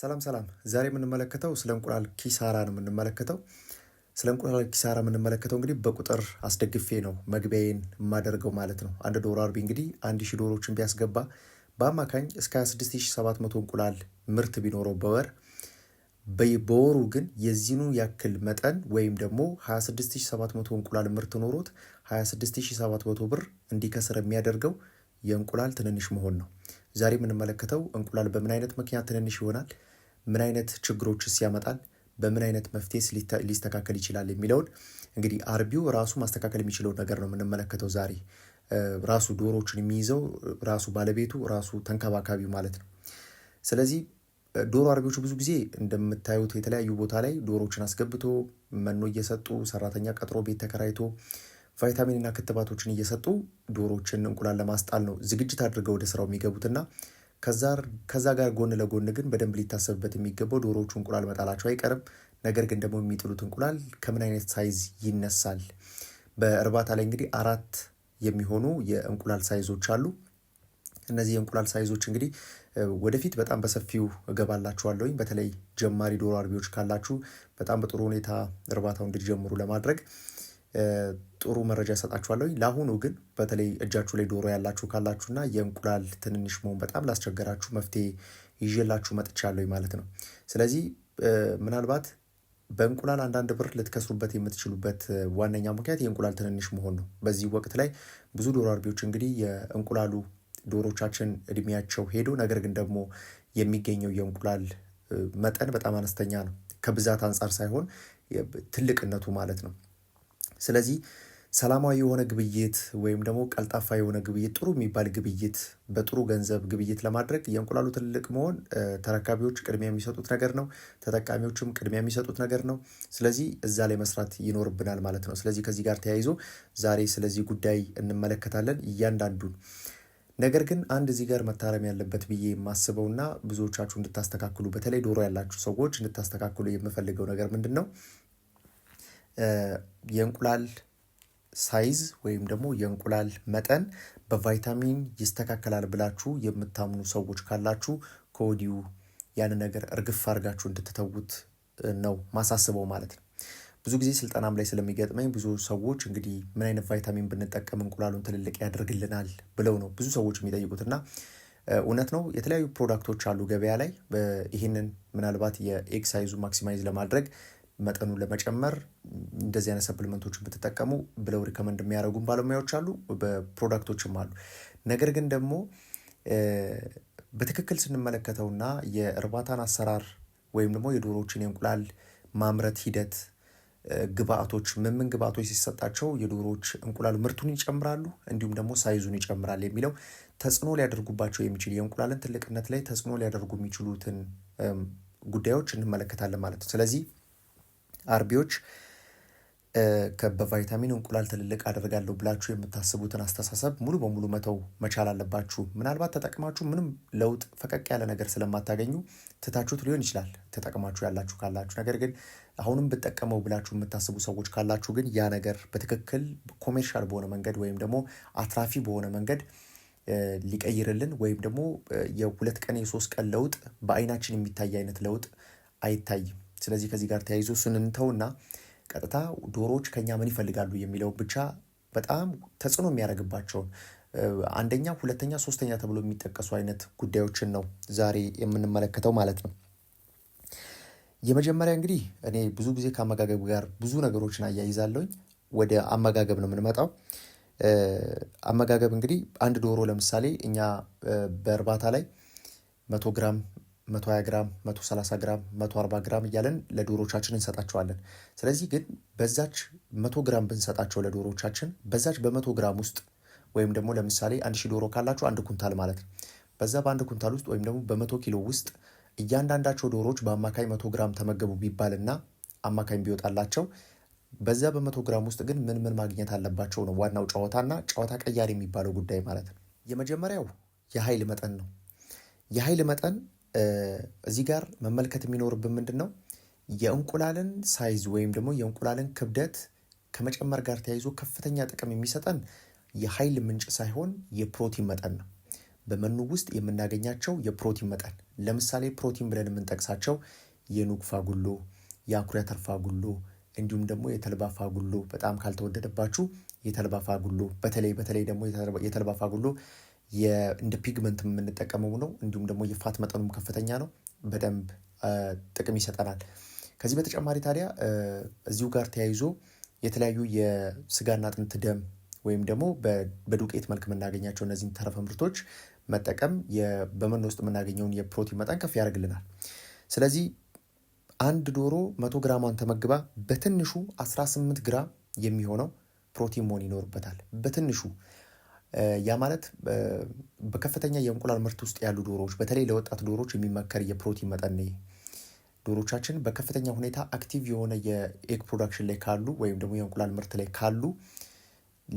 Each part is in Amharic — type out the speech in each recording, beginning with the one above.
ሰላም ሰላም። ዛሬ የምንመለከተው ስለ እንቁላል ኪሳራ ነው የምንመለከተው። ስለ እንቁላል ኪሳራ የምንመለከተው እንግዲህ በቁጥር አስደግፌ ነው መግቢያዬን የማደርገው ማለት ነው። አንድ ዶሮ አርቢ እንግዲህ አንድ ሺህ ዶሮችን ቢያስገባ በአማካኝ እስከ 26700 እንቁላል ምርት ቢኖረው በወር በወሩ ግን የዚህኑ ያክል መጠን ወይም ደግሞ 26700 እንቁላል ምርት ኖሮት 26700 ብር እንዲከስር የሚያደርገው የእንቁላል ትንንሽ መሆን ነው። ዛሬ የምንመለከተው እንቁላል በምን አይነት ምክንያት ትንንሽ ይሆናል፣ ምን አይነት ችግሮችስ ያመጣል፣ በምን አይነት መፍትሄስ ሊስተካከል ይችላል የሚለውን እንግዲህ አርቢው ራሱ ማስተካከል የሚችለው ነገር ነው የምንመለከተው ዛሬ ራሱ ዶሮዎችን የሚይዘው ራሱ ባለቤቱ ራሱ ተንከባካቢው ማለት ነው። ስለዚህ ዶሮ አርቢዎች ብዙ ጊዜ እንደምታዩት የተለያዩ ቦታ ላይ ዶሮዎችን አስገብቶ መኖ እየሰጡ ሰራተኛ ቀጥሮ ቤት ተከራይቶ ቫይታሚንና ክትባቶችን እየሰጡ ዶሮችን እንቁላል ለማስጣል ነው ዝግጅት አድርገው ወደ ስራው የሚገቡትና ከዛ ጋር ጎን ለጎን ግን በደንብ ሊታሰብበት የሚገባው ዶሮዎቹ እንቁላል መጣላቸው አይቀርም። ነገር ግን ደግሞ የሚጥሉት እንቁላል ከምን አይነት ሳይዝ ይነሳል? በእርባታ ላይ እንግዲህ አራት የሚሆኑ የእንቁላል ሳይዞች አሉ። እነዚህ የእንቁላል ሳይዞች እንግዲህ ወደፊት በጣም በሰፊው እገባላችኋለሁኝ። በተለይ ጀማሪ ዶሮ አርቢዎች ካላችሁ በጣም በጥሩ ሁኔታ እርባታው እንድትጀምሩ ለማድረግ ጥሩ መረጃ ይሰጣችኋለሁ። ለአሁኑ ግን በተለይ እጃችሁ ላይ ዶሮ ያላችሁ ካላችሁና የእንቁላል ትንንሽ መሆን በጣም ላስቸገራችሁ መፍትሄ ይዤላችሁ መጥቻለሁ ማለት ነው። ስለዚህ ምናልባት በእንቁላል አንዳንድ ብር ልትከስሩበት የምትችሉበት ዋነኛ ምክንያት የእንቁላል ትንንሽ መሆን ነው። በዚህ ወቅት ላይ ብዙ ዶሮ አርቢዎች እንግዲህ የእንቁላሉ ዶሮቻችን እድሜያቸው ሄዶ ነገር ግን ደግሞ የሚገኘው የእንቁላል መጠን በጣም አነስተኛ ነው። ከብዛት አንጻር ሳይሆን ትልቅነቱ ማለት ነው። ስለዚህ ሰላማዊ የሆነ ግብይት ወይም ደግሞ ቀልጣፋ የሆነ ግብይት፣ ጥሩ የሚባል ግብይት፣ በጥሩ ገንዘብ ግብይት ለማድረግ የእንቁላሉ ትልቅ መሆን ተረካቢዎች ቅድሚያ የሚሰጡት ነገር ነው። ተጠቃሚዎችም ቅድሚያ የሚሰጡት ነገር ነው። ስለዚህ እዛ ላይ መስራት ይኖርብናል ማለት ነው። ስለዚህ ከዚህ ጋር ተያይዞ ዛሬ ስለዚህ ጉዳይ እንመለከታለን እያንዳንዱን ነገር ግን አንድ እዚህ ጋር መታረም ያለበት ብዬ የማስበውና ብዙዎቻችሁ እንድታስተካክሉ በተለይ ዶሮ ያላችሁ ሰዎች እንድታስተካክሉ የምፈልገው ነገር ምንድን ነው? የእንቁላል ሳይዝ ወይም ደግሞ የእንቁላል መጠን በቫይታሚን ይስተካከላል ብላችሁ የምታምኑ ሰዎች ካላችሁ ከወዲሁ ያን ነገር እርግፍ አድርጋችሁ እንድትተዉት ነው ማሳስበው ማለት ነው። ብዙ ጊዜ ስልጠናም ላይ ስለሚገጥመኝ ብዙ ሰዎች እንግዲህ ምን አይነት ቫይታሚን ብንጠቀም እንቁላሉን ትልልቅ ያደርግልናል ብለው ነው ብዙ ሰዎች የሚጠይቁትና እውነት ነው። የተለያዩ ፕሮዳክቶች አሉ ገበያ ላይ። ይህንን ምናልባት የኤክሳይዙ ማክሲማይዝ ለማድረግ መጠኑን ለመጨመር እንደዚህ አይነት ሰፕሊመንቶችን ብትጠቀሙ ብለው ሪከመንድ የሚያደርጉን ባለሙያዎች አሉ፣ በፕሮዳክቶችም አሉ። ነገር ግን ደግሞ በትክክል ስንመለከተውና የእርባታን አሰራር ወይም ደግሞ የዶሮዎችን የእንቁላል ማምረት ሂደት ግብአቶች ምን ምን ግብአቶች ሲሰጣቸው የዶሮዎች እንቁላሉ ምርቱን ይጨምራሉ እንዲሁም ደግሞ ሳይዙን ይጨምራል የሚለው ተጽዕኖ ሊያደርጉባቸው የሚችል የእንቁላልን ትልቅነት ላይ ተጽዕኖ ሊያደርጉ የሚችሉትን ጉዳዮች እንመለከታለን ማለት ነው። ስለዚህ አርቢዎች በቫይታሚን እንቁላል ትልልቅ አደርጋለሁ ብላችሁ የምታስቡትን አስተሳሰብ ሙሉ በሙሉ መተው መቻል አለባችሁ። ምናልባት ተጠቅማችሁ ምንም ለውጥ ፈቀቅ ያለ ነገር ስለማታገኙ ትታችሁት ሊሆን ይችላል ተጠቅማችሁ ያላችሁ ካላችሁ። ነገር ግን አሁንም ብጠቀመው ብላችሁ የምታስቡ ሰዎች ካላችሁ ግን ያ ነገር በትክክል ኮሜርሻል በሆነ መንገድ ወይም ደግሞ አትራፊ በሆነ መንገድ ሊቀይርልን ወይም ደግሞ የሁለት ቀን የሶስት ቀን ለውጥ በአይናችን የሚታይ አይነት ለውጥ አይታይም። ስለዚህ ከዚህ ጋር ተያይዞ ስንንተውና ቀጥታ ዶሮዎች ከኛ ምን ይፈልጋሉ የሚለው ብቻ በጣም ተጽዕኖ የሚያደርግባቸውን አንደኛ፣ ሁለተኛ፣ ሶስተኛ ተብሎ የሚጠቀሱ አይነት ጉዳዮችን ነው ዛሬ የምንመለከተው ማለት ነው። የመጀመሪያ እንግዲህ እኔ ብዙ ጊዜ ከአመጋገብ ጋር ብዙ ነገሮችን አያይዛለሁኝ። ወደ አመጋገብ ነው የምንመጣው። አመጋገብ እንግዲህ አንድ ዶሮ ለምሳሌ እኛ በእርባታ ላይ መቶ ግራም 120 ግራም፣ 130 ግራም፣ 140 ግራም እያለን ለዶሮቻችን እንሰጣቸዋለን። ስለዚህ ግን በዛች 100 ግራም ብንሰጣቸው ለዶሮቻችን በዛች በ100 ግራም ውስጥ ወይም ደግሞ ለምሳሌ አንድ ዶሮ ካላቸው አንድ ኩንታል ማለት ነው። በዛ በአንድ ኩንታል ውስጥ ወይም ደግሞ በመቶ ኪሎ ውስጥ እያንዳንዳቸው ዶሮዎች በአማካይ መቶ ግራም ተመገቡ ቢባልና አማካኝ ቢወጣላቸው በዛ በመቶ ግራም ውስጥ ግን ምን ምን ማግኘት አለባቸው ነው ዋናው ጨዋታና ጨዋታ ቀያሪ የሚባለው ጉዳይ ማለት ነው። የመጀመሪያው የኃይል መጠን ነው። የኃይል መጠን እዚህ ጋር መመልከት የሚኖርብን ምንድን ነው የእንቁላልን ሳይዝ ወይም ደግሞ የእንቁላልን ክብደት ከመጨመር ጋር ተያይዞ ከፍተኛ ጥቅም የሚሰጠን የኃይል ምንጭ ሳይሆን የፕሮቲን መጠን ነው። በመኑ ውስጥ የምናገኛቸው የፕሮቲን መጠን ለምሳሌ ፕሮቲን ብለን የምንጠቅሳቸው የኑግ ፋጉሎ፣ የአኩሪ አተር ፋጉሎ እንዲሁም ደግሞ የተልባ ፋጉሎ በጣም ካልተወደደባችሁ የተልባ ፋጉሎ በተለይ በተለይ ደግሞ የተልባ ፋጉሎ እንደ ፒግመንት የምንጠቀመው ነው። እንዲሁም ደግሞ የፋት መጠኑም ከፍተኛ ነው። በደንብ ጥቅም ይሰጠናል። ከዚህ በተጨማሪ ታዲያ እዚሁ ጋር ተያይዞ የተለያዩ የስጋና አጥንት ደም ወይም ደግሞ በዱቄት መልክ የምናገኛቸው እነዚህን ተረፈ ምርቶች መጠቀም በመኖ ውስጥ የምናገኘውን የፕሮቲን መጠን ከፍ ያደርግልናል። ስለዚህ አንድ ዶሮ መቶ ግራሟን ተመግባ በትንሹ 18 ግራም የሚሆነው ፕሮቲን መሆን ይኖርበታል በትንሹ ያ ማለት በከፍተኛ የእንቁላል ምርት ውስጥ ያሉ ዶሮዎች በተለይ ለወጣት ዶሮዎች የሚመከር የፕሮቲን መጠን ነው። ዶሮቻችን በከፍተኛ ሁኔታ አክቲቭ የሆነ የኤግ ፕሮዳክሽን ላይ ካሉ ወይም ደግሞ የእንቁላል ምርት ላይ ካሉ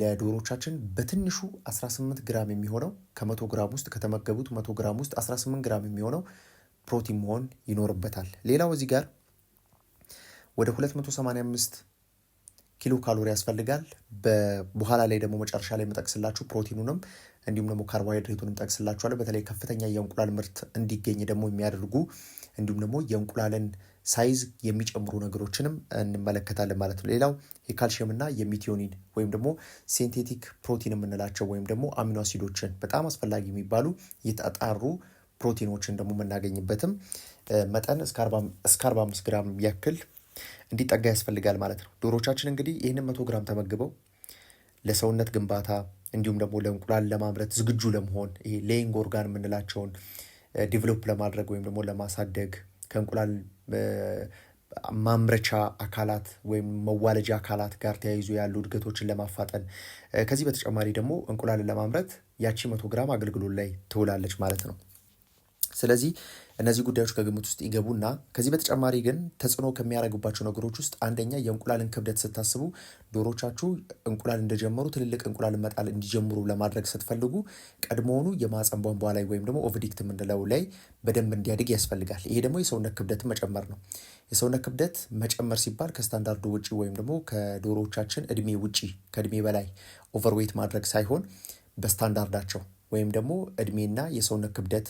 ለዶሮቻችን በትንሹ 18 ግራም የሚሆነው ከመቶ ግራም ውስጥ ከተመገቡት መቶ ግራም ውስጥ 18 ግራም የሚሆነው ፕሮቲን መሆን ይኖርበታል። ሌላው እዚህ ጋር ወደ 285 ኪሎ ካሎሪ ያስፈልጋል። በኋላ ላይ ደግሞ መጨረሻ ላይ የምጠቅስላችሁ ፕሮቲኑንም እንዲሁም ደግሞ ካርቦሃይድሬቱንም ጠቅስላችኋለሁ። በተለይ ከፍተኛ የእንቁላል ምርት እንዲገኝ ደግሞ የሚያደርጉ እንዲሁም ደግሞ የእንቁላልን ሳይዝ የሚጨምሩ ነገሮችንም እንመለከታለን ማለት ነው። ሌላው የካልሽየም እና የሚቲዮኒን ወይም ደግሞ ሲንቴቲክ ፕሮቲን የምንላቸው ወይም ደግሞ አሚኖ አሲዶችን በጣም አስፈላጊ የሚባሉ የተጣሩ ፕሮቲኖችን ደግሞ የምናገኝበትም መጠን እስከ 45 ግራም ያክል እንዲጠጋ ያስፈልጋል ማለት ነው። ዶሮቻችን እንግዲህ ይህንን መቶ ግራም ተመግበው ለሰውነት ግንባታ እንዲሁም ደግሞ ለእንቁላል ለማምረት ዝግጁ ለመሆን ይሄ ሌይንግ ኦርጋን የምንላቸውን ዲቨሎፕ ለማድረግ ወይም ደግሞ ለማሳደግ ከእንቁላል ማምረቻ አካላት ወይም መዋለጃ አካላት ጋር ተያይዞ ያሉ እድገቶችን ለማፋጠን ከዚህ በተጨማሪ ደግሞ እንቁላልን ለማምረት ያቺ መቶ ግራም አገልግሎት ላይ ትውላለች ማለት ነው። ስለዚህ እነዚህ ጉዳዮች ከግምት ውስጥ ይገቡና ከዚህ በተጨማሪ ግን ተጽዕኖ ከሚያደርግባቸው ነገሮች ውስጥ አንደኛ የእንቁላልን ክብደት ስታስቡ ዶሮቻችሁ እንቁላል እንደጀመሩ ትልልቅ እንቁላል መጣል እንዲጀምሩ ለማድረግ ስትፈልጉ ቀድሞውኑ የማህፀን ቧንቧ ላይ ወይም ደግሞ ኦቪዲክት የምንለው ላይ በደንብ እንዲያድግ ያስፈልጋል። ይሄ ደግሞ የሰውነት ክብደት መጨመር ነው። የሰውነት ክብደት መጨመር ሲባል ከስታንዳርዱ ውጭ ወይም ደግሞ ከዶሮዎቻችን እድሜ ውጭ ከእድሜ በላይ ኦቨርዌት ማድረግ ሳይሆን በስታንዳርዳቸው ወይም ደግሞ እድሜና የሰውነት ክብደት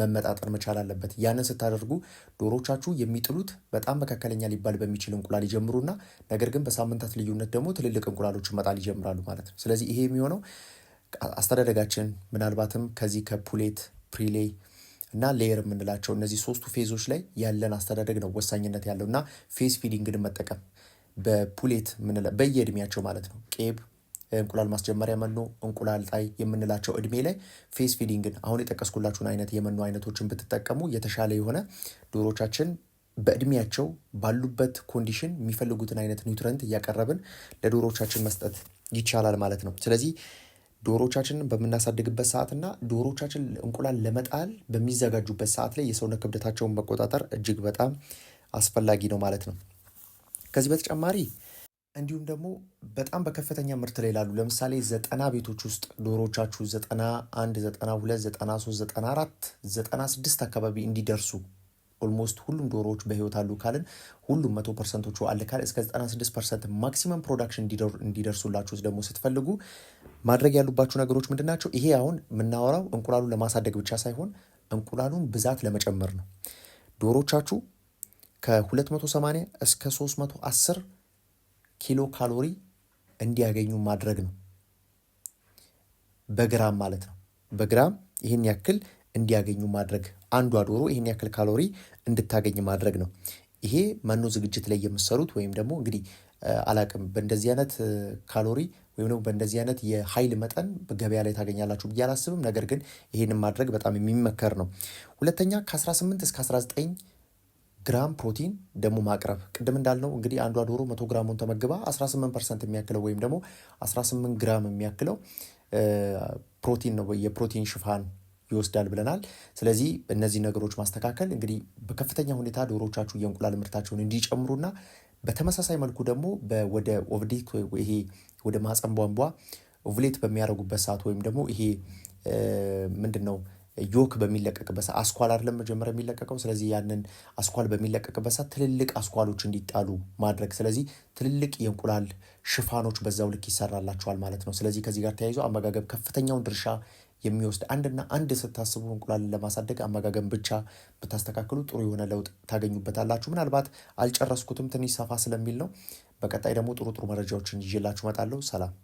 መመጣጠር መቻል አለበት። ያንን ስታደርጉ ዶሮቻችሁ የሚጥሉት በጣም መካከለኛ ሊባል በሚችል እንቁላል ይጀምሩና ነገር ግን በሳምንታት ልዩነት ደግሞ ትልልቅ እንቁላሎች መጣል ይጀምራሉ ማለት ነው። ስለዚህ ይሄ የሚሆነው አስተዳደጋችን ምናልባትም ከዚህ ከፑሌት ፕሪሌይ እና ሌየር የምንላቸው እነዚህ ሶስቱ ፌዞች ላይ ያለን አስተዳደግ ነው ወሳኝነት ያለው እና ፌዝ ፊዲንግን መጠቀም በፑሌት ምንለ በየእድሜያቸው ማለት ነው ቄብ እንቁላል ማስጀመሪያ መኖ፣ እንቁላል ጣይ የምንላቸው እድሜ ላይ ፌስ ፊዲንግን አሁን የጠቀስኩላችሁን አይነት የመኖ አይነቶችን ብትጠቀሙ የተሻለ የሆነ ዶሮቻችን በእድሜያቸው ባሉበት ኮንዲሽን የሚፈልጉትን አይነት ኒውትረንት እያቀረብን ለዶሮቻችን መስጠት ይቻላል ማለት ነው። ስለዚህ ዶሮቻችንን በምናሳድግበት ሰዓትና ዶሮቻችን እንቁላል ለመጣል በሚዘጋጁበት ሰዓት ላይ የሰውነት ክብደታቸውን መቆጣጠር እጅግ በጣም አስፈላጊ ነው ማለት ነው። ከዚህ በተጨማሪ እንዲሁም ደግሞ በጣም በከፍተኛ ምርት ላይ ላሉ ለምሳሌ ዘጠና ቤቶች ውስጥ ዶሮቻችሁ ዘጠና አንድ ዘጠና ሁለት ዘጠና ሶስት ዘጠና አራት ዘጠና ስድስት አካባቢ እንዲደርሱ ኦልሞስት ሁሉም ዶሮዎች በህይወት አሉ ካልን ሁሉም መቶ ፐርሰንቶቹ አለ ካል እስከ 96 ፐርሰንት ማክሲመም ፕሮዳክሽን እንዲደርሱላችሁ ደግሞ ስትፈልጉ ማድረግ ያሉባችሁ ነገሮች ምንድን ናቸው? ይሄ አሁን የምናወራው እንቁላሉን ለማሳደግ ብቻ ሳይሆን እንቁላሉን ብዛት ለመጨመር ነው። ዶሮቻችሁ ከ280 እስከ 310 ኪሎ ካሎሪ እንዲያገኙ ማድረግ ነው። በግራም ማለት ነው። በግራም ይህን ያክል እንዲያገኙ ማድረግ አንዷ ዶሮ ይህን ያክል ካሎሪ እንድታገኝ ማድረግ ነው። ይሄ መኖ ዝግጅት ላይ የምሰሩት ወይም ደግሞ እንግዲህ አላቅም በእንደዚህ አይነት ካሎሪ ወይም ደግሞ በእንደዚህ አይነት የኃይል መጠን በገበያ ላይ ታገኛላችሁ ብዬ አላስብም። ነገር ግን ይህንን ማድረግ በጣም የሚመከር ነው። ሁለተኛ ከ18 እስከ 19 ግራም ፕሮቲን ደግሞ ማቅረብ ቅድም እንዳልነው እንግዲህ አንዷ ዶሮ መቶ ግራሙን ተመግባ 18 ፐርሰንት የሚያክለው ወይም ደግሞ 18 ግራም የሚያክለው ፕሮቲን ነው የፕሮቲን ሽፋን ይወስዳል ብለናል። ስለዚህ እነዚህ ነገሮች ማስተካከል እንግዲህ በከፍተኛ ሁኔታ ዶሮቻችሁ የእንቁላል ምርታቸውን እንዲጨምሩና በተመሳሳይ መልኩ ደግሞ ወደ ኦቭዴት ይሄ ወደ ማፀን ቧንቧ ኦቭሌት በሚያደርጉበት ሰዓት ወይም ደግሞ ይሄ ምንድን ነው ዮክ በሚለቀቅበት ሰዓት አስኳል አይደለም መጀመሪያ የሚለቀቀው። ስለዚህ ያንን አስኳል በሚለቀቅበት ሰዓት ትልልቅ አስኳሎች እንዲጣሉ ማድረግ፣ ስለዚህ ትልልቅ የእንቁላል ሽፋኖች በዛው ልክ ይሰራላቸዋል ማለት ነው። ስለዚህ ከዚህ ጋር ተያይዞ አመጋገብ ከፍተኛውን ድርሻ የሚወስድ አንድና አንድ ስታስቡ እንቁላልን ለማሳደግ አመጋገብ ብቻ ብታስተካክሉ ጥሩ የሆነ ለውጥ ታገኙበታላችሁ። ምናልባት አልጨረስኩትም፣ ትንሽ ሰፋ ስለሚል ነው። በቀጣይ ደግሞ ጥሩ ጥሩ መረጃዎችን ይዤላችሁ እመጣለሁ። ሰላም።